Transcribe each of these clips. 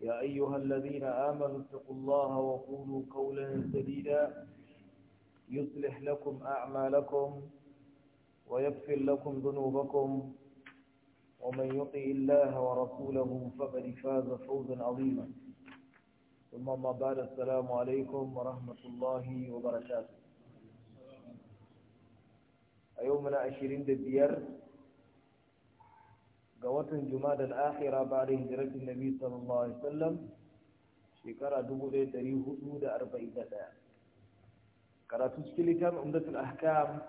يا أيها الذين آمنوا اتقوا الله وقولوا قولا سديدا يصلح لكم أعمالكم ويغفر لكم ذنوبكم ومن يطع الله ورسوله فقد فاز فوزا عظيما ثم ما بعد السلام عليكم ورحمة الله وبركاته أيومنا عشرين دبير ga watan jumada al'akhira ba da hijiratin nabi sallallahu alaihi wasallam shekara 1441 karatu cikin littafin umdatul ahkam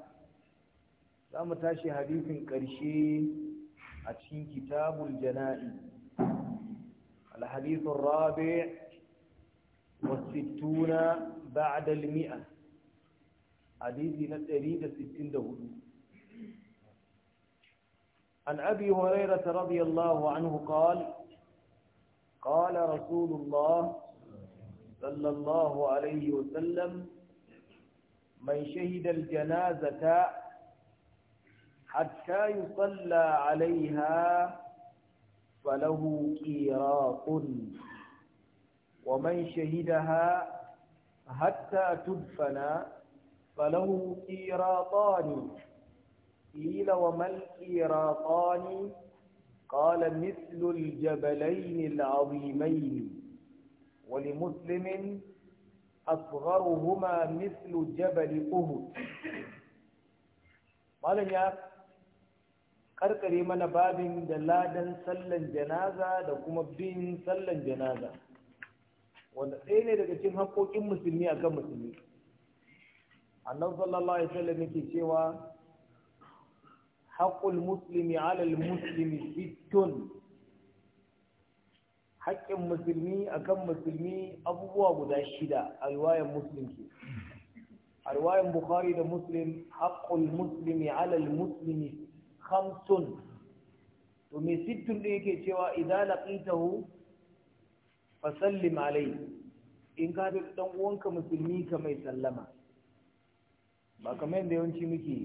za mu tashi hadisin ƙarshe a cikin kitabul jana'i الحديث الرابع والستون بعد المئة حديث نتريد ستين دهدو عن أبي هريرة رضي الله عنه قال قال رسول الله صلى الله عليه وسلم من شهد الجنازة حتى يصلى عليها فله كيراق ومن شهدها حتى تدفن فله كيراطان قيل وما القيراطان قال مثل الجبلين العظيمين ولمسلم أصغرهما مثل جبل أهد malam ya karkare mana babin da ladan sallan janaza da kuma bin sallan janaza wanda ɗaya ne daga cikin haƙoƙin musulmi a kan musulmi annabi sallallahu alaihi wasallam yake cewa حق المسلم على المسلم ستون حق المسلمي أكم مسلمي أبوه أبو داشدة الواية مسلم كي الواية بخاري ده مسلم حق المسلم على المسلم خمس ومن ست ليك سوى إذا لقيته فسلم عليه in ka da ɗan uwanka musulmi ka mai sallama ba kamar yadda yawanci muke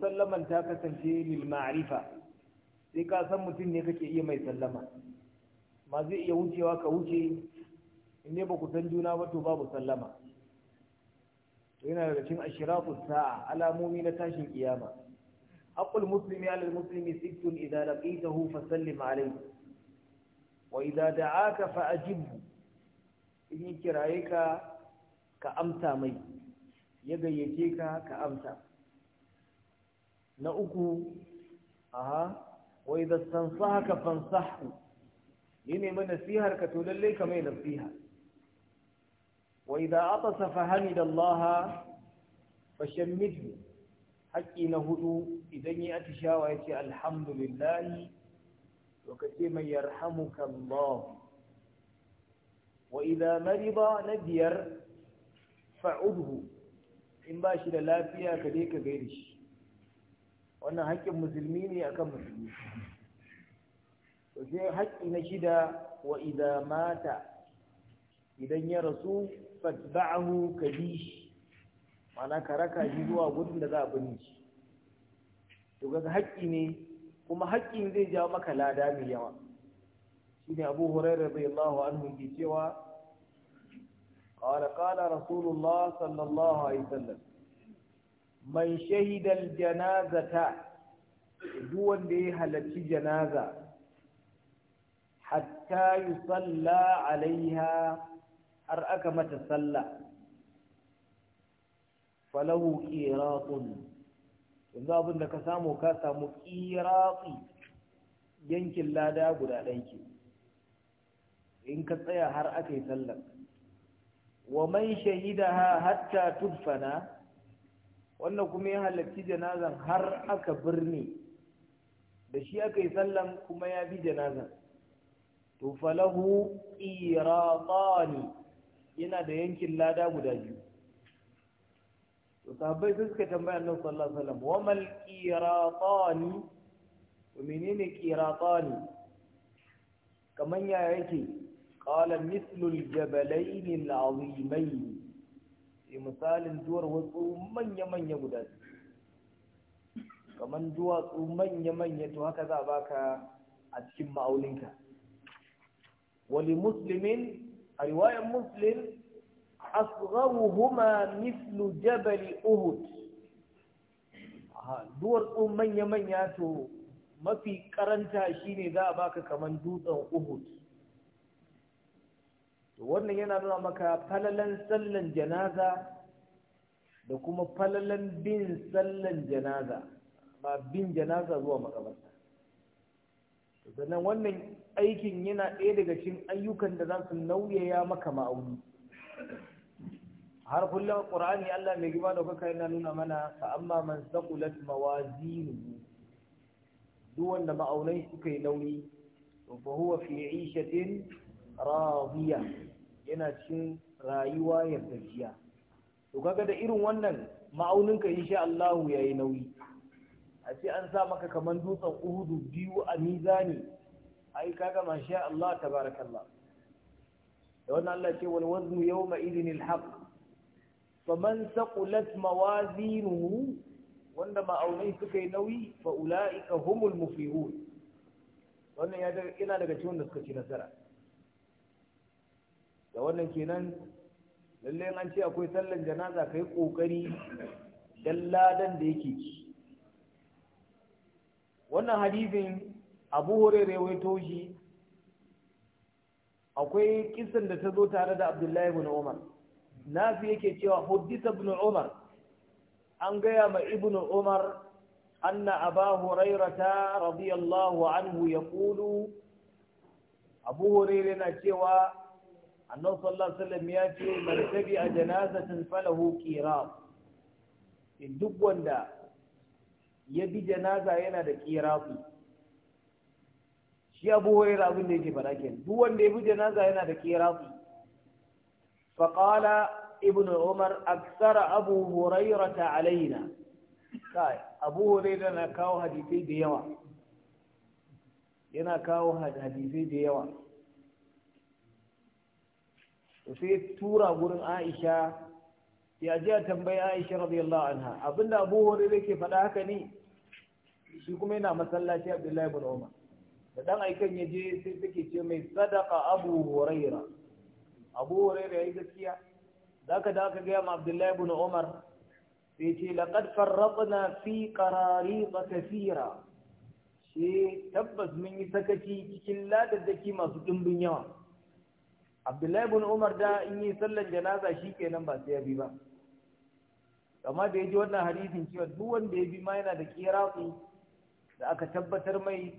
to ta kasance lil ma'rifa sai ka san mutum ne kake iya mai sallama ma zai iya wucewa ka wuce in ne ba ku san juna ba to babu sallama to yana daga cikin ashiratu sa'a alamomi na tashin kiyama aqul muslimi 'ala muslimi sittun idza laqitahu sallim 'alayhi wa idza da'aka fa'ajibhu in kiraye ka ka amsa mai ya gayyace ka ka amsa na uku aha wa idza stansahaka fansahu yi nemi nasihar ka to lalle ka mai nasiha wa idza atasa fa hamidallaha fashammidhu haƙƙi na hudu idan yi atishawa ya ce alhamdulillahi to ka mai yarhamuka Allah wa marida na biyar fa'udhu in bashi da lafiya ka je ka gaida shi wannan haƙƙin musulmi ne akan musulmi to sai haƙƙi na shida wa idza mata idan ya rasu fatba'ahu kabish mana ka raka shi zuwa gudun da za a binne shi to ga haƙƙi ne kuma haƙƙin zai jawo maka lada mai yawa shine Abu Hurairah radiyallahu anhu ke cewa qala qala sallallahu alaihi wasallam man shahidal janazata duk wanda ya halarci janaza hatta yusalla alaiha har aka mata sallah falahu qiratun yanzu abin da ka samu ka samu qirati yankin lada guda ɗanki in ka tsaya har aka yi sallar wa man shahidaha hatta tudfana wannan kuma ya halarci janazan har aka birni da shi aka yi sallan kuma ya bi janazan to falahu qiratani yana da yankin lada guda biyu to sahabbai sai suka tambaya annabi sallallahu alaihi wasallam wa mal qiratani to menene qiratani kaman ya yake qala mislul jabalayn al-azimayn ce misalin duwar wasu manya-manya guda kamar duwatsu manya-manya to haka za a baka a cikin ma'auninka wali muslimin a riwayar muslim huma mislu jabal uhud duwatsu manya-manya to mafi karanta shine za a baka kamar dutsen uhud wannan yana nuna maka falalan sallan janaza da kuma falalan bin sallan janaza ba bin janaza zuwa makabarta sannan wannan aikin yana ɗaya daga cikin ayyukan da za su nauyaya maka ma'auni har kullum ƙur'ani Allah mai gima da kuka yana nuna mana fa amma man saqulat mawazinuhu duk wanda ma'aunai suka yi nauyi to fa huwa fi 'ishatin raziya yana cikin rayuwa gajiya. to kaga da irin wannan ma'auninka insha Allah ya yi nauyi a ce an sa maka kaman dutsen uhudu biyu a mizani ai kaga masha Allah tabarakallah da wannan Allah ce wal waznu yawma idhin al haqq faman saqulat mawazinuhu wanda ma'aunai suka yi nauyi fa ulaika humul muflihun wannan yana daga cikin da suka ci nasara da wannan kenan lalle an ce akwai sallan janaza kai kokari dan ladan da yake ci wannan hadisin Abu Hurairah waito shi akwai kisan da ta zo tare da Abdullahi ibn Umar nafi yake cewa huddisa ibn Umar an gaya ma ibn Umar anna Aba Hurairah radiyallahu anhu yaqulu Abu Hurairah na cewa annabi sallallahu alaihi wasallam ya ce tabi a janazatin falahu in duk wanda ya bi janaza yana da qirasi shi abu hurairah abin da yake fara kenan duk wanda ya bi janaza yana da qirasi fa qala ibn umar aksara abu hurairah alaina kai abu hurairah na kawo hadisi da yawa yana kawo hadisi da yawa to sai tura gurin Aisha ya ji a tambayi Aisha radiyallahu anha abinda Abu Hurairah ke faɗa haka ne shi kuma yana masallaci Abdullahi ibn Umar da dan aikan ya je sai take ce mai sadaka Abu Hurairah Abu Hurairah yayi gaskiya zaka da aka ga ma Abdullahi ibn Umar sai ce laqad farratna fi ba kathira shi tabbas mun yi sakaci cikin ladaddaki masu dimbin yawa abdullahi bin umar da in yi sallan janaza shi kenan ba sai ya bi ba amma da ya ji wannan hadisin cewa duk wanda ya bi ma yana da kiratu da aka tabbatar mai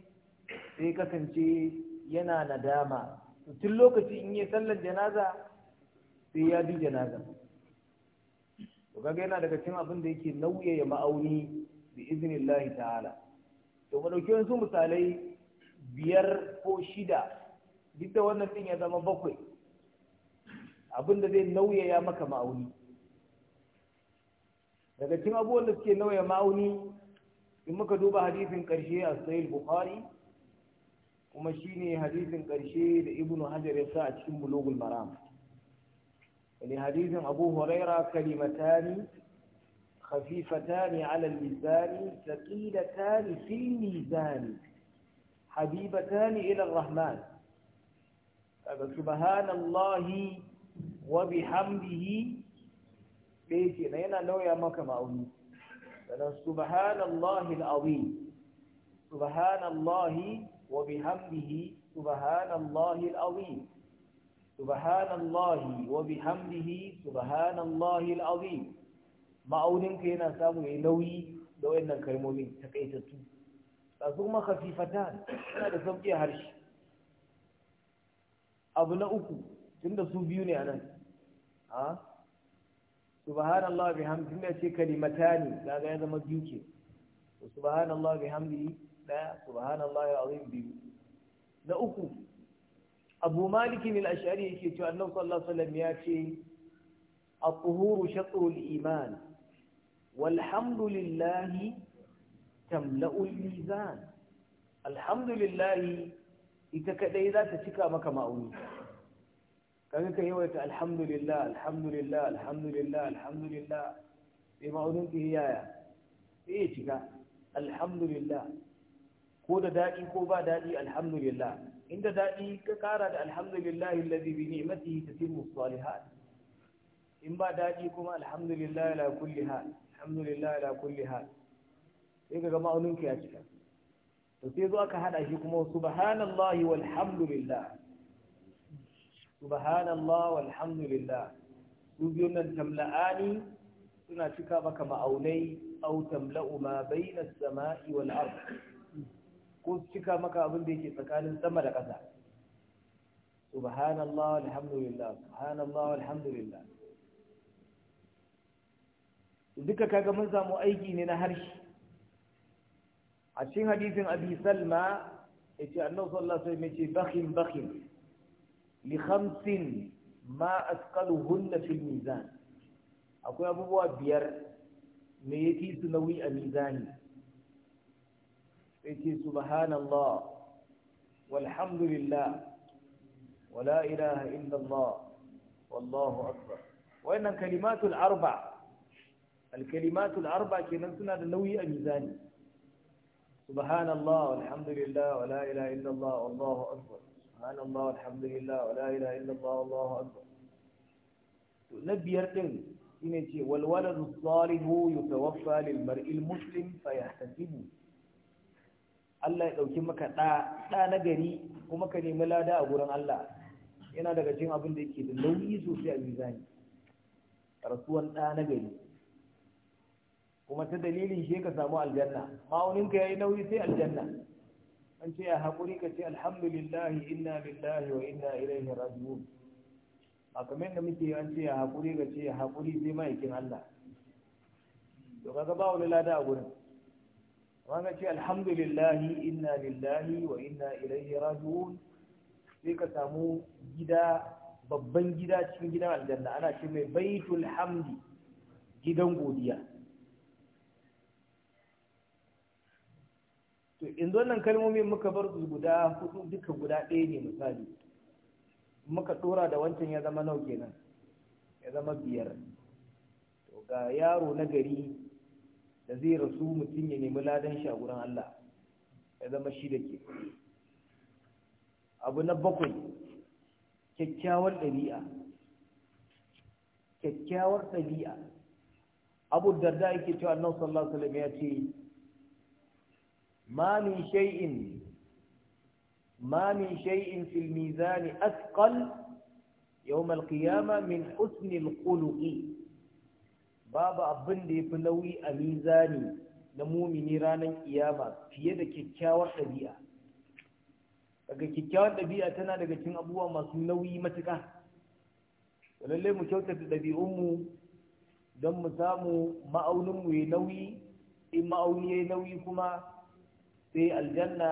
sai kasance yana nadama tun lokaci in yi sallan janaza sai ya bi janaza to kaga yana daga cikin abin da yake nauyaya ma'auni bi iznillahi ta'ala to mu dauki wasu misalai biyar ko shida duk da wannan ɗin ya zama bakwai abinda da zai nauyaya maka ma'auni daga cikin abubuwan da suke nauya ma'auni in muka duba hadisin karshe a sahih bukhari kuma shine hadisin karshe da ibnu hajar ya sa a cikin bulugul maram wani hadisin abu huraira kalimatani خفيفتان على fi al-mizan الميزان ila ar-rahman سبحان الله wa bi ɗaya ce na yana lauya maka ma'auni sanan subhanallahi al'azim subhanallahi wa bihamdihi subhanallahi al'azim subhanallahi wa bihamdihi subhanallahi al'azim ka yana samu yayi nauyi da wayannan kalmomin takaitattu tsazo maka fifatan yana da sauki harshe abu na uku tunda su biyu ne anan a subhanallah bihamdihi ne ce kalimatani kaga ya zama biyu ke subhanallah bihamdihi daya subhanallah azim biyu na uku abu maliki ne al'ashari yake cewa annan sallallahu alaihi ya ce a kuhuru shaƙarul iman walhamdulillahi tamla'ul mizan alhamdulillahi ita kadai za ta cika maka ma'auni kaga ka yawaita alhamdulillah alhamdulillah alhamdulillah alhamdulillah sai ma'aunin yaya sai ya cika alhamdulillah ko da daɗi ko ba daɗi alhamdulillah inda daɗi ka ƙara da alhamdulillah allazi bi ni'matihi tatimmu salihat in ba daɗi kuma alhamdulillah ala kulli hal alhamdulillah ala kulli hal sai ka ga ma'aunin ya cika to sai zo aka hada shi kuma subhanallahi walhamdulillah subhanallah walhamdulillah su biyu nan tamla'ani suna cika maka ma'aunai au tamla'u ma bainas sama'i wal ard ko cika maka abin da yake tsakanin sama da ƙasa subhanallah walhamdulillah subhanallah walhamdulillah duka kaga mun samu aiki ne na harshe a cikin hadisin abi salma yace annabi sallallahu alaihi wasallam yace bakhin bakhin لخمس ما أثقلهن في الميزان أقول أبو بوا بير ميتي سنوي الميزان إتي سبحان الله والحمد لله ولا إله إلا الله والله أكبر وإن الكلمات الأربع الكلمات الأربع كننتنا لنوي الميزان سبحان الله والحمد لله ولا إله إلا الله والله أكبر سبحان الله والحمد لله ولا إله إلا الله والله أكبر نبي يرتن والولد الصالح يتوفى للمرء المسلم فيحتسبه Allah ya ɗauki maka ɗa na gari kuma ka nemi lada a gurin Allah yana daga cikin abin da yake da nauyi sosai a mizani rasuwan ɗa na gari kuma ta dalilin shi ka samu aljanna ma'auninka ya yi nauyi sai aljanna an ce ya haƙuri ka ce alhamdulillahi inna lillahi wa inna ilaihi raji'un a kamar da muke an ce ya haƙuri ka ce haƙuri sai ma'aikin Allah to kaga ba wani lada a gurin amma ka ce alhamdulillahi inna lillahi wa inna ilaihi raji'un sai ka samu gida babban gida cikin gidan aljanna ana ce mai baitul hamdi gidan godiya yanzu wannan kalmomin muka bar su guda hudu duka guda ɗaya ne misali muka ɗora da wancan ya zama nau kenan ya zama biyar to ga yaro na gari da zai rasu mutum ya nemi ladan shi a gurin Allah ya zama shi da ke abu na bakwai kyakkyawar ɗabi'a kyakkyawar ɗabi'a abu darda yake cewa annabi sallallahu alaihi wasallam ya ce ما من شيء ما من شيء في الميزان أثقل يوم القيامة من حسن a mizani أبن دي ranar أميزاني fiye da القيامة في يدك daga kyakkyawar ɗabi'a tana daga cikin abubuwa masu nauyi matuƙa lalle mu kyautata ɗabi'unmu don mu samu ma'auninmu ya nauyi in ma'auni ya nauyi kuma sai aljanna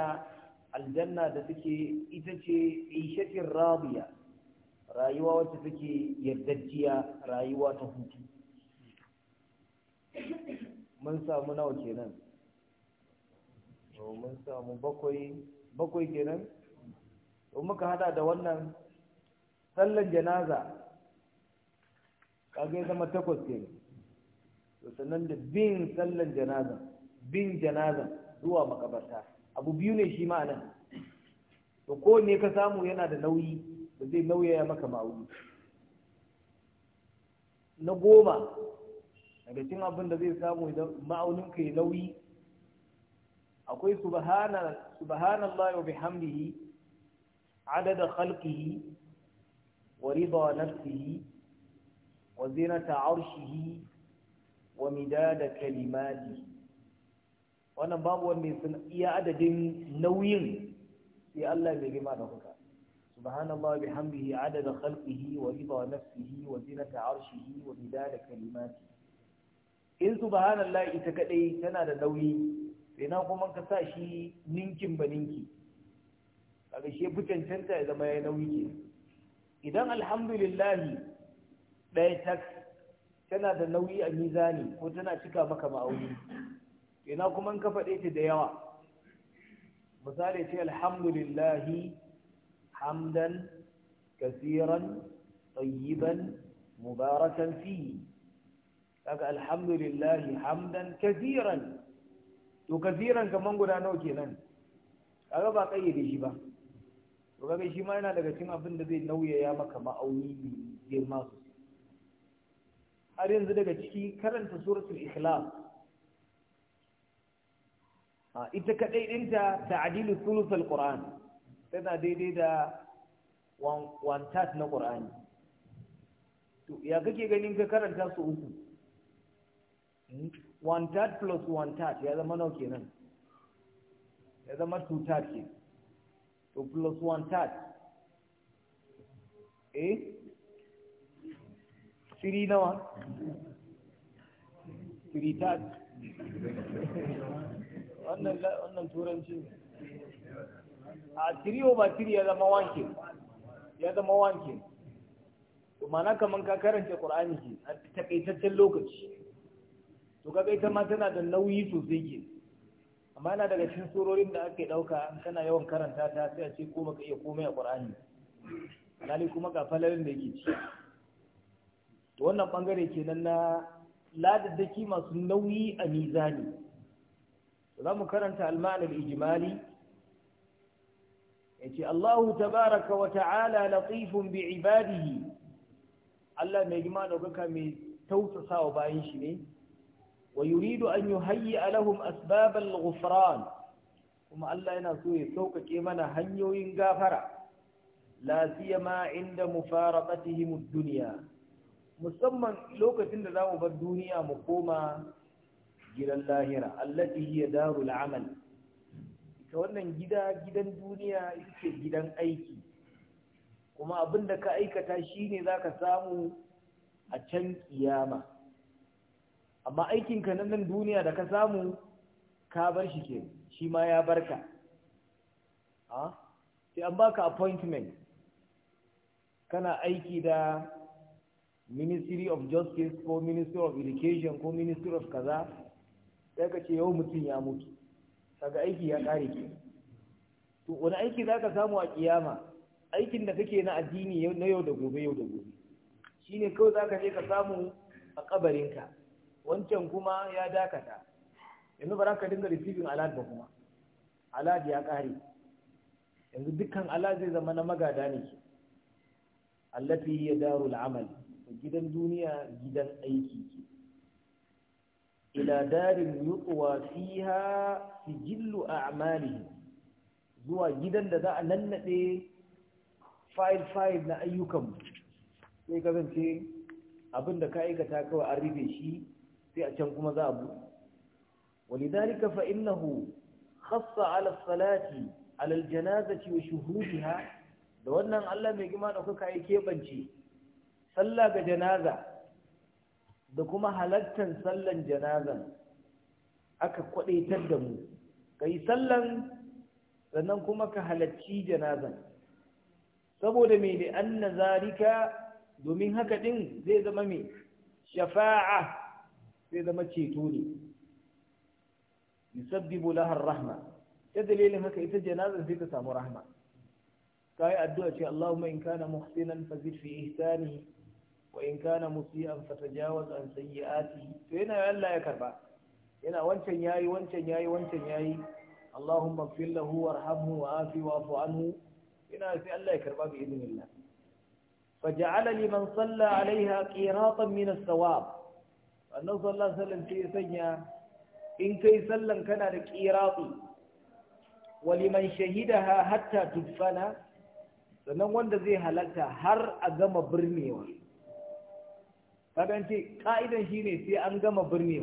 aljanna da take ita ce ishatin rabiya rayuwa wacce take yardajjiya rayuwa ta hutu mun samu nawa kenan mun samu bakwai bakwai kenan to muka hada da wannan sallan janaza kaga ya zama takwas kenan sannan da bin sallan janaza bin janaza zuwa makabarta abu biyu ne shi ma'anan to ko ne ka samu yana da nauyi da zai nauyaya maka ma'auni na goma daga cin abin da zai samu ma'aunin ka yi nauyi akwai subhanallahi wa bihamdihi adada khalqihi wa rida nafsihi wa zinata arshihi wa midada kalimatihi wannan babu wanda ya san iya adadin nauyin sai Allah mai girma da kuka subhanallahi bihamdihi adada khalqihi wa rida nafsihi wa zinata arshihi wa bidada kalimati in subhanallahi ita kadai tana da nauyi sai na kuma ka sa shi ninkin ba ninki kaga shi ya zama ya nauyi ke idan alhamdulillahi ɗaya tak tana da nauyi a mizani ko tana cika maka ma'auni ina kuma ka faɗe ta da yawa misali ce alhamdulillahi hamdan kasiran tayyiban mubarakan fi kaga alhamdulillahi hamdan kasiran to kasiran kaman guda nawa kenan kaga ba kayyade shi ba to kaga shi ma yana daga cikin abin da zai nauyaya maka ma'auni mai girma har yanzu daga ciki karanta suratul ikhlas ita kadai dinta ta'dilu thuluth alquran tana daidai da one third na qur'ani to ya kake ganin ka karanta su uku one third plus one third ya zama nawa kenan ya zama two third ke to plus one third eh three nawa three third wannan turanci a tiriyo ba tiri ya zama wanke ya zama wanke mana ka karanta ƙorani ce, a takaitaccen lokaci to kaga ta ma tana da nauyi sosai ke amma yana daga cikin surorin da ake ɗauka kana yawan karanta ta sai a ce ko maka iya komai a ƙorani alhali kuma ga falarin da yake ci to wannan bangare kenan na ladaddaki masu nauyi a mizani za mu karanta almanar ijimali ya ce allahu tabaraka wa ta'ala latifun bi ibadihi allah mai gima ɗaukaka mai tausasa wa bayan shi ne wa yuridu an yi hayi alahum asbabal ghufran kuma allah yana so ya sauƙaƙe mana hanyoyin gafara la siyama inda mufaraqatihim ad duniya. musamman lokacin da za mu bar duniya mu koma gidan lahira allati hiya darul amal ita wannan gida gidan duniya ita gidan aiki kuma abin da ka aikata shine zaka samu a can kiyama amma aikin ka na nan duniya da ka samu ka bar shi ke shi ma ya barka ha sai an baka appointment kana aiki da ministry of justice ko ministry of education ko ministry of kaza sai ka ce yau mutum ya mutu kaga aiki ya kare ke to wani aiki zaka samu a kiyama aikin da kake na addini na yau da gobe yau da gobe shine kawai zaka je ka samu a ka wancan kuma ya dakata yanzu ba ka dinga receiving alad ba kuma alad ya kare yanzu dukkan alad zai zama na magada ne allati ya daru al'amal gidan duniya gidan aiki ke ila darin yuqwa fiha sijillu a'malihim zuwa gidan da za a nannade file file na ayyukan sai kasance abin da ka aikata kawai an rufe shi sai a can kuma za a buɗe ولذلك فإنه خص على الصلاة على الجنازة وشهودها da wannan Allah mai gima da kuka yi keɓance sallah ga janaza da kuma halattan sallan janazan aka kwadaitar da mu ka yi sallan sannan kuma ka halarci janazan saboda mai da an zarika domin haka ɗin zai zama mai shafa'a zai zama ceto ne yusabbibu lahar rahma ta dalilin haka ita janazan sai ta samu rahma ka yi addu'a ce Allahumma in kana muhsinan fazid fi ihsanihi wa in kana musian fatajawaz an sayyi'atihi to yana Allah ya karba yana wancan yayi wancan yayi wancan yayi Allahumma ighfir lahu warhamhu wa'afi wa'fu anhu yana sai Allah ya karba bi idnillah faja'ala liman salla 'alayha qiratan min as-sawab sallallahu alaihi wasallam sai sanya in kai sallan kana da qirati wa liman shahidaha hatta tudfana sannan wanda zai halarta har a gama birnewa kagan ce ka'idan shi ne sai an gama birni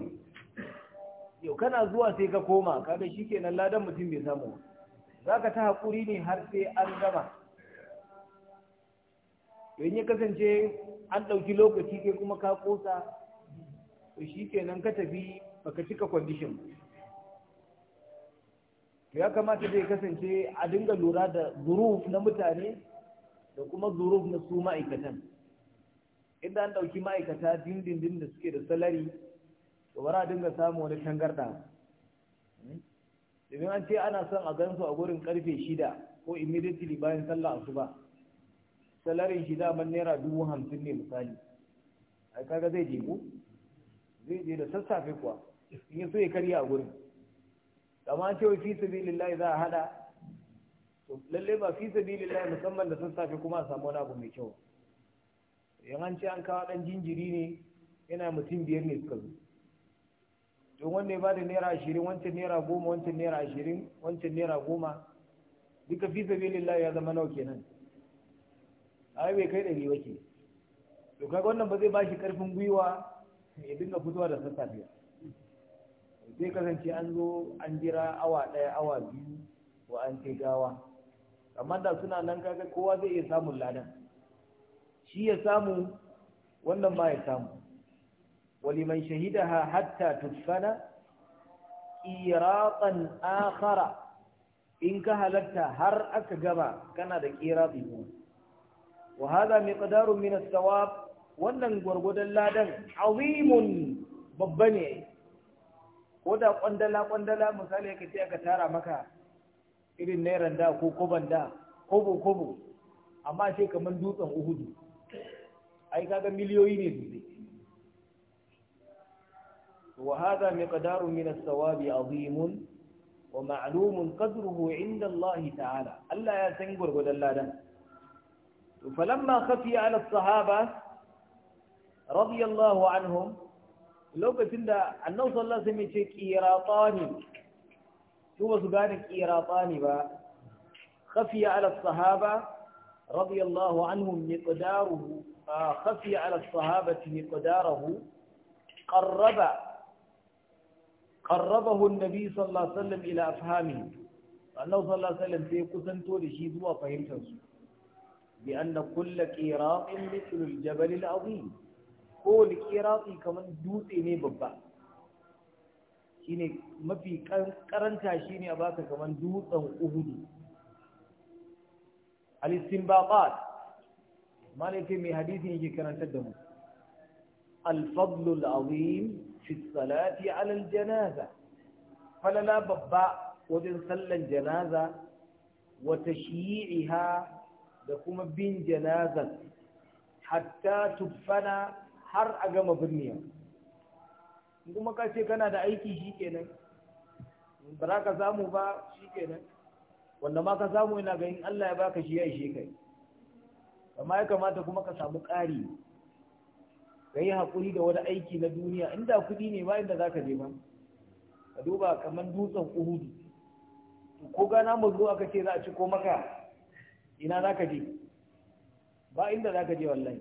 yau kana zuwa sai ka koma Kada shi kenan ladan mutum bai samu za ka ta haƙuri ne har sai an gama yayin ya kasance an ɗauki lokaci kai kuma ka ƙosa to shi kenan ka tafi baka cika kwandishin ya kamata zai kasance a dinga lura da zuruf na mutane da kuma zuruf na su ma'aikatan inda an ɗauki ma'aikata dindindin da suke da salari to bara dinga samu wani tangarda domin an ce ana son a gansu a gurin karfe shida ko immediately bayan sallah asuba salarin shi daman naira dubu hamsin ne misali ai kaga zai je zai je da sassafe kuwa in ya so ya karya a gurin amma ce wai fi sabilillahi za a hada to lalle ba fi sabilillahi musamman da sassafe kuma a samu wani abu mai kyau yan an an kawo dan jinjiri ne yana mutum biyar ne suka zo don wanda ya bada naira ashirin wancan naira goma wancan naira ashirin wancan naira goma duka fi sabilillah ya zama nawa kenan ai bai kai ɗari wake to kaga wannan ba zai bashi karfin gwiwa ya dinga fitowa da sassafiya sai kasance an zo an jira awa ɗaya awa biyu wa an gawa amma da suna nan kaga kowa zai iya samun ladan shi ya samu wannan ma ya samu waliman shahidaha hatta tutfana? qiratan akhara in ka halatta har aka gama kana da qirati ko wa hada miqdaru min as-sawab wannan gurgudan ladan azimun babba ne ko da kwandala kwandala misali ka ce aka tara maka irin nairan da ko koban da kobo kobo amma ce kamar dutsen uhudu اي كذا مليونين وهذا مقدار من الثواب عظيم ومعلوم قدره عند الله تعالى الا يا سنغور فلما خفي على الصحابه رضي الله عنهم لو كنت ان صلى الله عليه وسلم قيراطان شو بس قال قيراطان خفي على الصحابه رضي الله عنهم مقداره خفي على الصحابة مقداره قرب قربه النبي صلى الله عليه وسلم إلى أفهامه أنه صلى الله عليه وسلم في قسنته لشيء هو فهمته بأن كل كيراط مثل الجبل العظيم كل كيراط كمن دوتي ببا shine mafi karanta shine a baka kaman dutsen uhudu الاستنباطات ما مالك من حديث يجي كان تدم الفضل العظيم في الصلاة على الجنازة فلا لا بباء وجن صلى الجنازة وتشييعها لكم بين جنازة حتى تبفنا har a gama birniya kuma ka ce kana da aiki shikenan ba za ka samu ba shikenan wanda ma ka samu yana in Allah ya baka shi ya ishe kai amma ya kamata kuma ka samu ƙari ka yi haƙuri da wani aiki na duniya inda kuɗi ne ba inda za ka je ba ka duba kamar dutsen uhudu ko gana mazu aka ce za a ci ko maka ina za ka je ba inda za ka je wallahi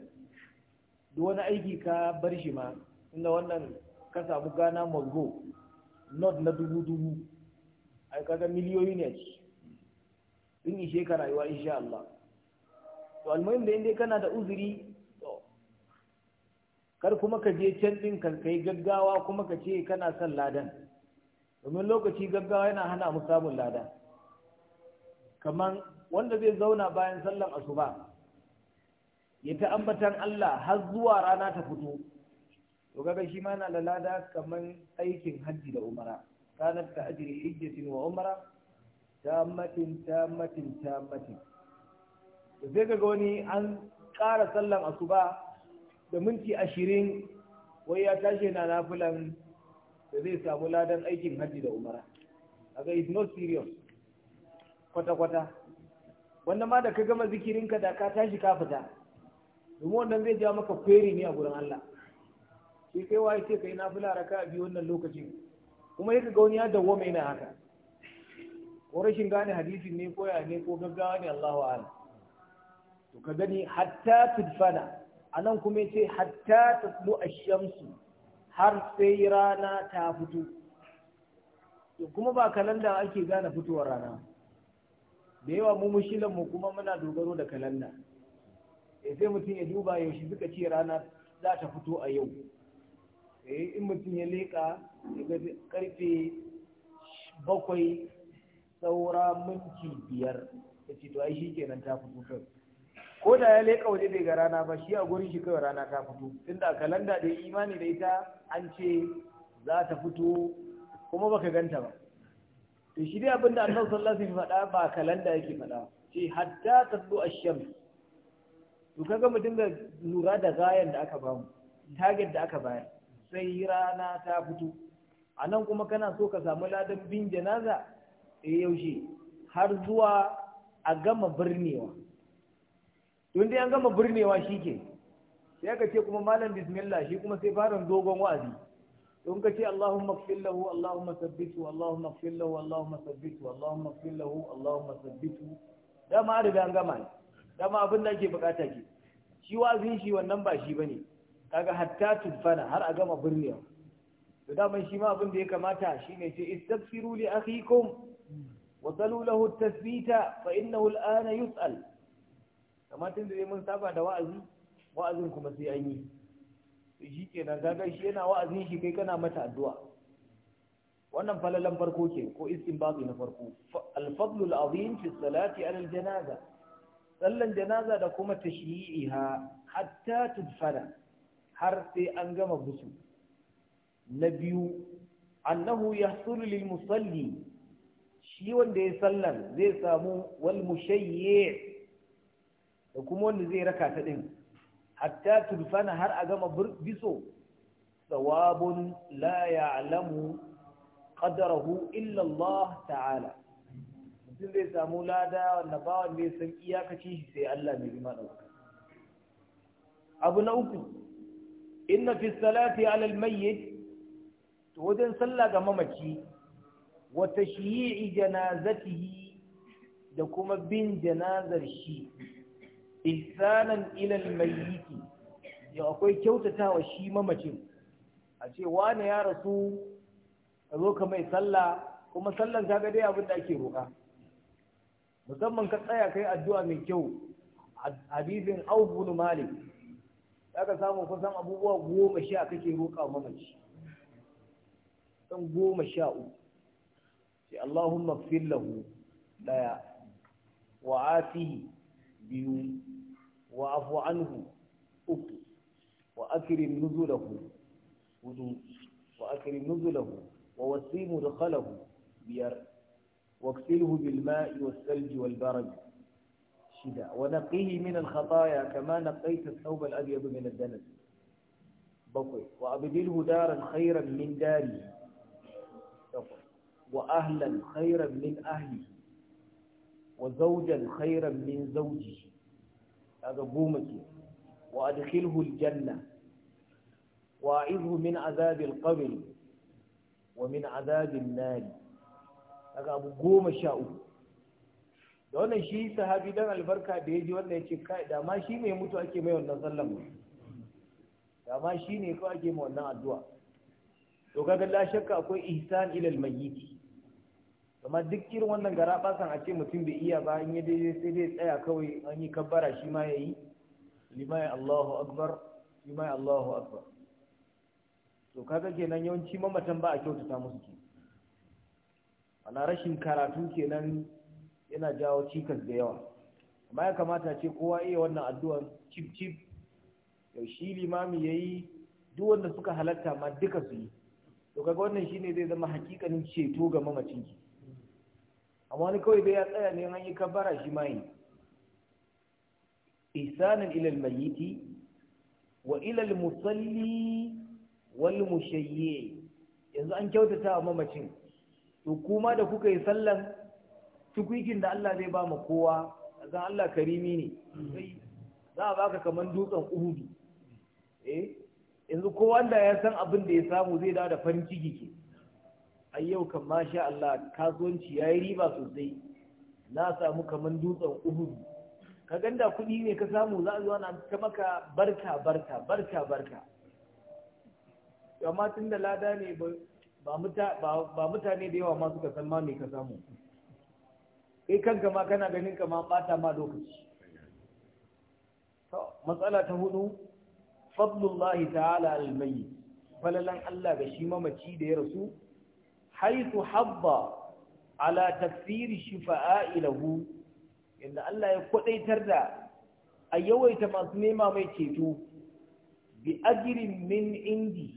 duk wani aiki ka bar shi ma inda wannan ka samu gana mazu not na dubu dubu ai kaga miliyoyi ne a sun ishe ka rayuwa insha Allah to almuhim da inda kana da uzuri to kar kuma ka je can din kan kai gaggawa kuma ka ce kana son ladan domin lokaci gaggawa yana hana mu samun lada kaman wanda zai zauna bayan sallan asuba ya ta ambatan Allah har zuwa rana ta fito to kaga shi ma na da lada kaman aikin hajji da umara kanat ta ajri hijjatin wa umara matin ta matin da sai kaga wani an ƙara sallan asuba da minti ashirin wai ya tashi na nafilan da zai samu ladan aikin hajji da umara aga it's not serious kwata-kwata wanda ma da ka gama zikirinka da ka tashi ka fita domin wannan zai ja maka kweri ne a gurin Allah sai kai waye ce kai nafila raka biyu wannan lokacin kuma yake ga wani ya na na haka ko rashin gane hadisin ne ko ya ne ko gaggawa ne Allahu a'ala to ka gani hatta tudfana anan kuma yace hatta tatlu ash har sai rana ta fito to kuma ba kalanda ake gane fitowar rana da yawa mu mushilan mu kuma muna dogaro da kalanda eh sai mutum ya duba yaushe suka ce rana za ta fito a yau eh in mutum ya leka ya ga karfe bakwai saura minti biyar ta ce to ai shi kenan ta fito kai ko da ya leƙa waje bai ga rana ba shi a gurin shi kawai rana ta fito tunda a kalanda da imani da ita an ce za ta fito kuma baka ganta ba to shi dai abinda Allah sallallahu alaihi faɗa ba kalanda yake faɗa ce hatta tatlu ash-shams to kaga mu dinga lura da gayan da aka bamu target da aka bayar sai rana ta fito anan kuma kana so ka samu ladan bin janaza yaushe har zuwa a gama birnewa don dai an gama birnewa ke. sai aka ce kuma malam bismillah shi kuma sai fara dogon wa'azi don ka ce allahun ighfir lahu Allahumma thabbithu Allahumma ighfir lahu allahun thabbithu allahun ighfir lahu dama an riga an gama ne dama abin da ake bukata ke shi wa'azin shi wannan ba shi bane kaga hatta tufana har a gama birnewa to daman shi ma abin da ya kamata shine ce istaghfiru li akhikum وصلوا له التثبيت فإنه الآن يسأل كما تنزل من سابع da wa'azi wa'azin kuma sai anyi. yi shi kenan gaga shi yana wa'azin shi kai kana mata addu'a wannan falalan farko ke ko istinbati na farko al azim fi salati ala janaza sallan janaza da kuma tashyi'iha hatta tudfana har sai an gama busu na biyu annahu yahsulu lil musalli shi wanda ya sallar zai samu wal mushayyi da kuma wanda zai raka ta din hatta turfana har a gama biso thawabun la ya'lamu qadarahu illa Allah ta'ala mutum zai samu lada wanda ba wanda ya san iyakaci shi sai Allah mai rima dauka abu na uku inna fi salati ala mayyit to wajen sallah ga mamaci wa tashyi'i janazatihi da kuma bin janazar shi ihsanan ila al ya akwai kyautatawa shi mamacin a ce wani ya rasu ka zo ka mai sallah kuma sallan ta ga dai abin da ake roƙa musamman ka tsaya kai addu'a mai kyau hadisin aubun malik zaka samu kusan abubuwa goma sha kake roƙa mamaci san goma sha uku اللهم اغفر له لا وعافه بيو وعفو عنه اوك واكرم نزله وضو واكرم نزله ووسي مدخله بير واغسله بالماء والثلج والبرد شدا ونقيه من الخطايا كما نقيت الثوب الابيض من الدنس بقي وابدله دارا خيرا من داره wa ahlan khairan min ahlihi wa zawjan khairan min zawjihi kaga goma ke wa adkhilhu aljanna wa a'idhu min azab alqabr wa min abu goma sha uku da wannan shi sahabi dan albarka da yaji wannan yace kai da ma shi ne mutu ake mai wannan sallan da ma shi ne kawai ake mai wannan addu'a to kaga la shakka akwai ihsan ila al-mayyit kama duk irin wannan gara basan a ce mutum bai iya ba in ya daidai sai dai tsaya kawai an yi kabbara shi ma ya yi limai allahu akbar limai allahu akbar to kaga kenan yawanci mamatan ba a kyautata musu ke ana rashin karatu kenan yana jawo cikas da yawa amma ya kamata ce kowa iya wannan addu'an cip cip yaushe limami ya yi duk wanda suka halatta ma duka su yi to kaga wannan shine zai zama hakikanin ceto ga mamacin ki amma wani kawai bai ya tsaya ne an yi kabara shi ma yi isanin ilal mayiti wa ilal musalli wal mushayye. yanzu an kyautata wa mamacin to kuma da kuka yi sallan Tukwikin da Allah zai ba mu kowa zan Allah karimi ne za a baka kaman dutsen uhudu eh yanzu kowa da ya san abin da ya samu zai dawo da farin ciki ke a yau kan masha Allah kasuwanci ya yi riba sosai na samu kamar dutsen uhudu ka ganda kuɗi ne ka samu za a zuwa na ta maka barka barka barka barka amma tun da lada ne ba mutane da yawa ma suka san ma me ka samu kai kanka ma kana ganin ka ma bata ma lokaci matsala ta hudu fadlullahi ta'ala al-mayyit falalan Allah ga shi mamaci da ya rasu حيث حظ على تفسير الشفاء له إن الله يقضي تردى أيوة ما يتيتو بأجر من عنده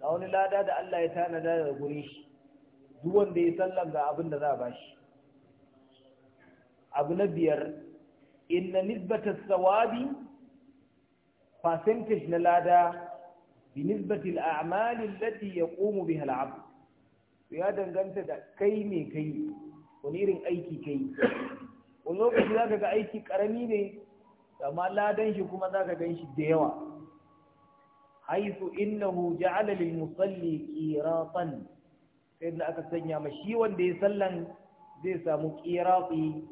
لو لا دا دا الله يتانا دا قريش دو وند يسلم ذا أبن ذا باش أبن بير إن نسبة الثواب فاسنتج لا دا بنسبه الاعمال التي يقوم بها العبد to ya danganta da kai ne kai wani irin aiki kai wani lokaci za ka ga aiki karami ne amma ladan shi kuma za ka gan da yawa haisu innahu ja'ala lil musalli qiratan sai da aka sanya ma shi wanda ya sallan zai samu qirati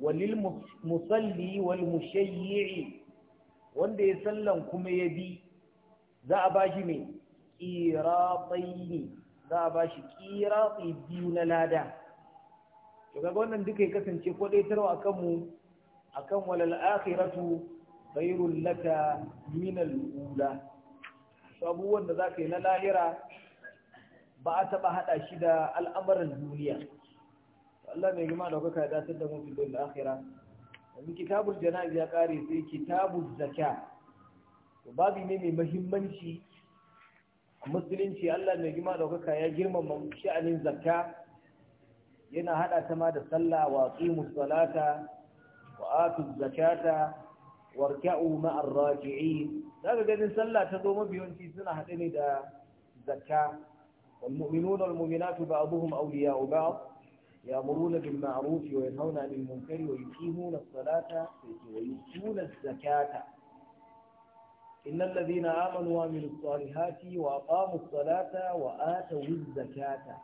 walil musalli wal mushayyi wanda ya sallan kuma ya bi za a bashi mai qirataini za a ba shi ƙira biyu na lada to kaga wannan duka ya kasance tarwa akan mu akan walal akhiratu khairul laka min al ula to abubuwan da zaka yi na lahira ba a taba hada shi da al'amuran duniya Allah mai gima da kuka da da mu fil akhirah yanzu kitabul janabi ya kare sai kitabul zakat to babu ne mai muhimmanci A musulunci Allah mai gima ɗaukaka ya girmama sha'anin zakka yana haɗa ta ma da sallah wa qimu salata wa atu zakata warka'u ma'ar raji'in daga ganin sallah ta zo mabiyanci suna haɗe ne da zakka wal mu'minuna wal mu'minatu ba'dhum awliya'u ba'd يأمرون بالمعروف وينهون عن المنكر ويقيمون الصلاة ويؤتون الزكاة إن الذين آمنوا وعملوا الصالحات وأقاموا الصلاة وآتوا الزكاة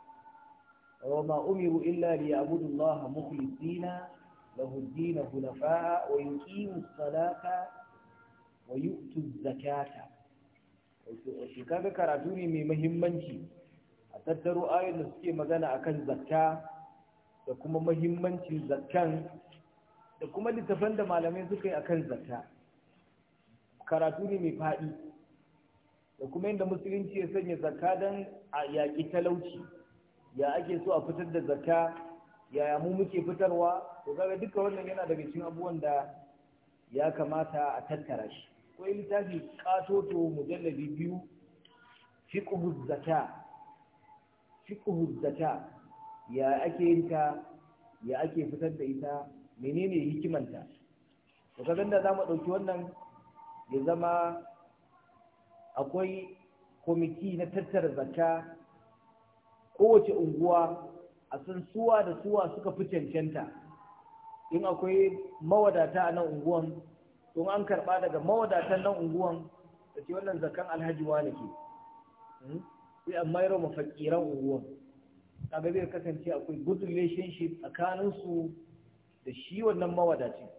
وما أمروا إلا ليعبدوا الله مخلصين له الدين خلفاء ويقيموا الصلاة ويؤتوا الزكاة shi kaga karatu ne mai mahimmanci a tattaro ayoyin da suke magana akan zakka da kuma mahimmancin zakkan da kuma littafan da malamai suka yi akan zakka karatu ne mai faɗi da kuma yadda musulunci ya sanya zakka don a yaƙi talauci ya ake so a fitar da zakka yaya mu muke fitarwa to kaga duka wannan yana daga cikin abubuwan da ya kamata a tattara shi akwai littafi katoto mujallabi biyu fiqhu zakka fiqhu zakka ya ake yin ta ya ake fitar da ita menene hikimanta to kaga da zamu ɗauki wannan ya zama akwai komiti na tattara zaka kowace unguwa a san suwa da suwa suka fi cancanta in akwai mawadata a nan unguwan don an karɓa daga mawadatan nan unguwan da ce wannan zakan alhaji wane ke hmm? sai an mayar wa fakiran unguwan kaga zai kasance akwai good relationship tsakaninsu da shi wannan mawadacin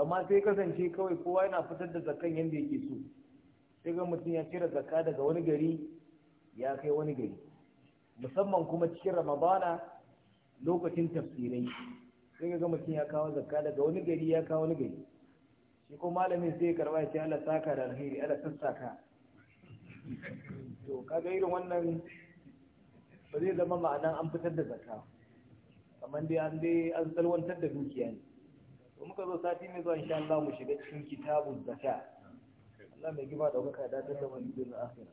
amma sai kasance kawai kowa yana fitar da zakan yadda yake so sai ga mutum ya cire zakka daga wani gari ya kai wani gari musamman kuma cikin ramadana lokacin tafsirai sai ga mutum ya kawo zakka daga wani gari ya kawo wani gari shi ko malamin sai ya karba shi Allah saka da alheri Allah sassaka to kaga irin wannan ba zai zama ma'anan an fitar da zakka kamar dai an dai an tsalwantar da dukiya ne to muka zo sati mai zuwa insha Allah mu shiga cikin kitabun zakka Allah mai giba da kuka da ta wani bin akhira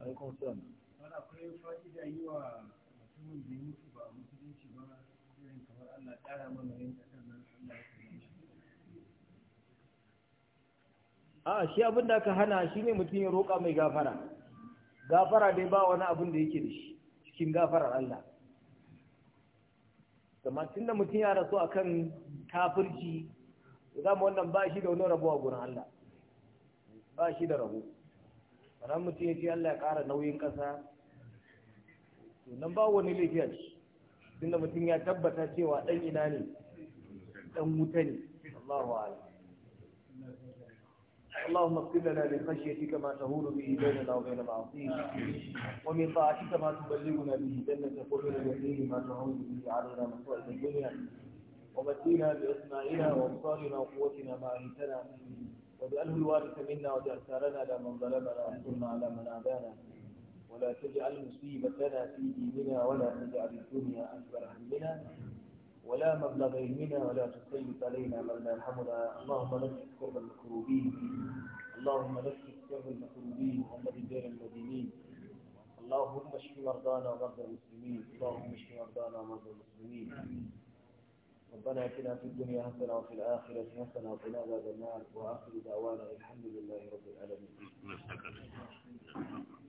alaikum salam wala akwai fa'ida yi wa mutumin da yi ba musulunci ba irin kamar Allah tsara mana yin kasar nan Allah ya a shi abin da aka hana shi ne mutum ya roƙa mai gafara gafara dai ba wani abin da yake da shi cikin gafarar Allah kamar tun da mutum ya rasu akan kafirci za mu wannan ba shi da wani rabuwa gurin Allah ba shi da rabu ran mutum ya ce Allah ya ƙara nauyin ƙasa to nan ba wani lafiya ce tunda mutum ya tabbata cewa ɗan ina ne ɗan wuta ne Allahu a'lam اللهم اغفر لنا من خشيتك ما تهون به بيننا وبين معصيتك ومن طاعتك ما تبلغنا به جنتك ومن اليقين ما تهون به علينا من سوء الدنيا ومتينا بأسمائنا وأبصارنا وقوتنا ما أهيتنا واجعله الوارث منا واجعل ثارنا على من ظلمنا وانصرنا على من عادانا ولا تجعل مصيبتنا في ديننا ولا تجعل الدنيا أكبر همنا ولا مبلغ علمنا ولا تسلط علينا من لا يرحمنا اللهم نفس كرب المكروبين اللهم نفس كرب المكروبين محمد رجال المدينين اللهم اشف مرضانا ومرضى المسلمين اللهم اشف مرضانا ومرضى المسلمين ربنا اتنا في الدنيا حسنة وفي الآخرة حسنة وقنا عذاب النار وآخر دعوانا الحمد لله رب العالمين